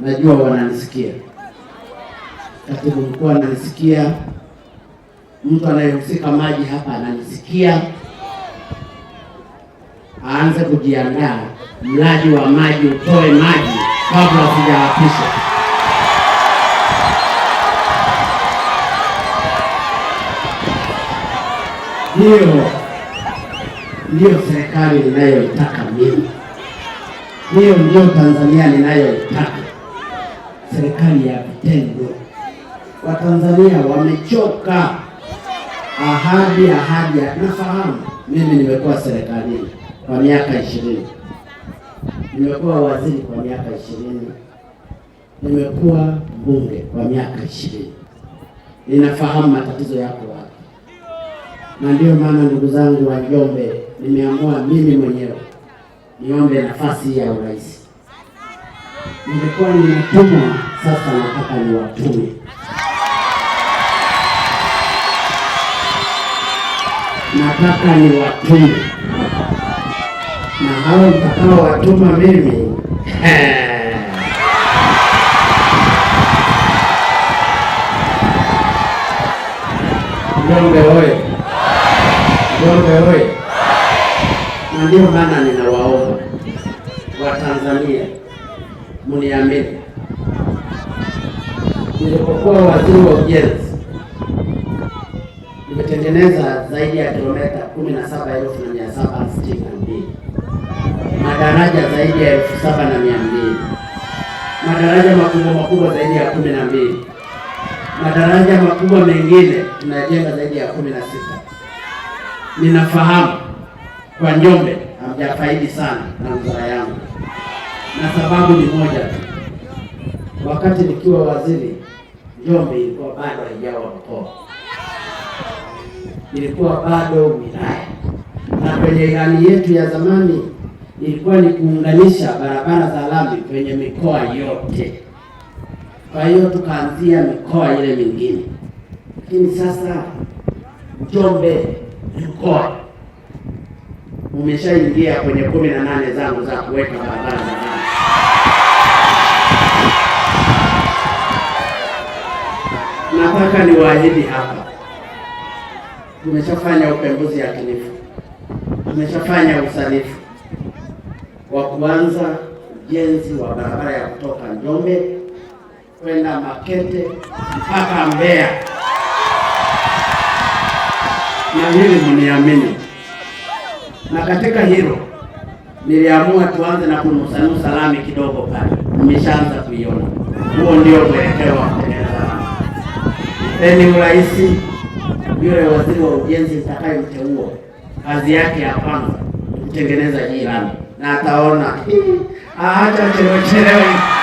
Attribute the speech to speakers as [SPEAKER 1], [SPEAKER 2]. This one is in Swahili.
[SPEAKER 1] najua wananisikia, katibu mkuu ananisikia, mtu anayehusika maji hapa ananisikia, aanze kujiandaa, mradi wa maji utoe maji kabla sijaapisha. Hiyo ndiyo serikali ninayoitaka mimi, hiyo ndiyo Tanzania ninayoitaka serikali ya vitendo. Watanzania wamechoka ahadi, ahadi. Nafahamu mimi nimekuwa serikalini kwa miaka ishirini, nimekuwa waziri kwa miaka ishirini, nimekuwa mbunge kwa miaka ishirini. Ninafahamu matatizo yako wapi, na ndiyo maana ndugu zangu wa Njombe, nimeamua mimi mwenyewe niombe nafasi ya urais. Nilikuwa nimetumwa sasa nataka niwatume. Nataka niwatume na hao mtakao watuma mimi eh. Njombe oye! Njombe oye! Na ndiyo maana ninawaomba Watanzania muniamini nilipokuwa waziri wa ujenzi nimetengeneza zaidi ya kilometa kumi na saba elfu na mia saba sitini na mbili madaraja zaidi ya elfu saba na mia mbili madaraja makubwa makubwa zaidi ya kumi na mbili madaraja makubwa mengine tunajenga zaidi ya kumi na sita. Ninafahamu kwa Njombe hamjafaidi sana na wizara yangu, na sababu ni moja tu. Wakati nikiwa waziri Njombe ilikuwa bado haijawa mkoa, ilikuwa bado wilaya, na kwenye ilani yetu ya zamani ilikuwa ni kuunganisha barabara za lami kwenye mikoa yote. Kwa hiyo tukaanzia mikoa ile mingine, lakini sasa Njombe ni mkoa, umeshaingia kwenye kumi na nane zangu za kuweka barabara nataka niwaahidi hapa, tumeshafanya upembuzi yakinifu, tumeshafanya usanifu wa kuanza ujenzi wa barabara ya kutoka Njombe kwenda Makete mpaka Mbeya, na hili mniamini. Na katika hilo niliamua tuanze na kunusanusa lami kidogo pale, mmeshaanza kuiona. Huo ndio mwelekeo Mtupeni rais yule waziri wa ujenzi mtakayemteua, kazi yake ya kwanza kutengeneza hii lami, na ataona hata chelewe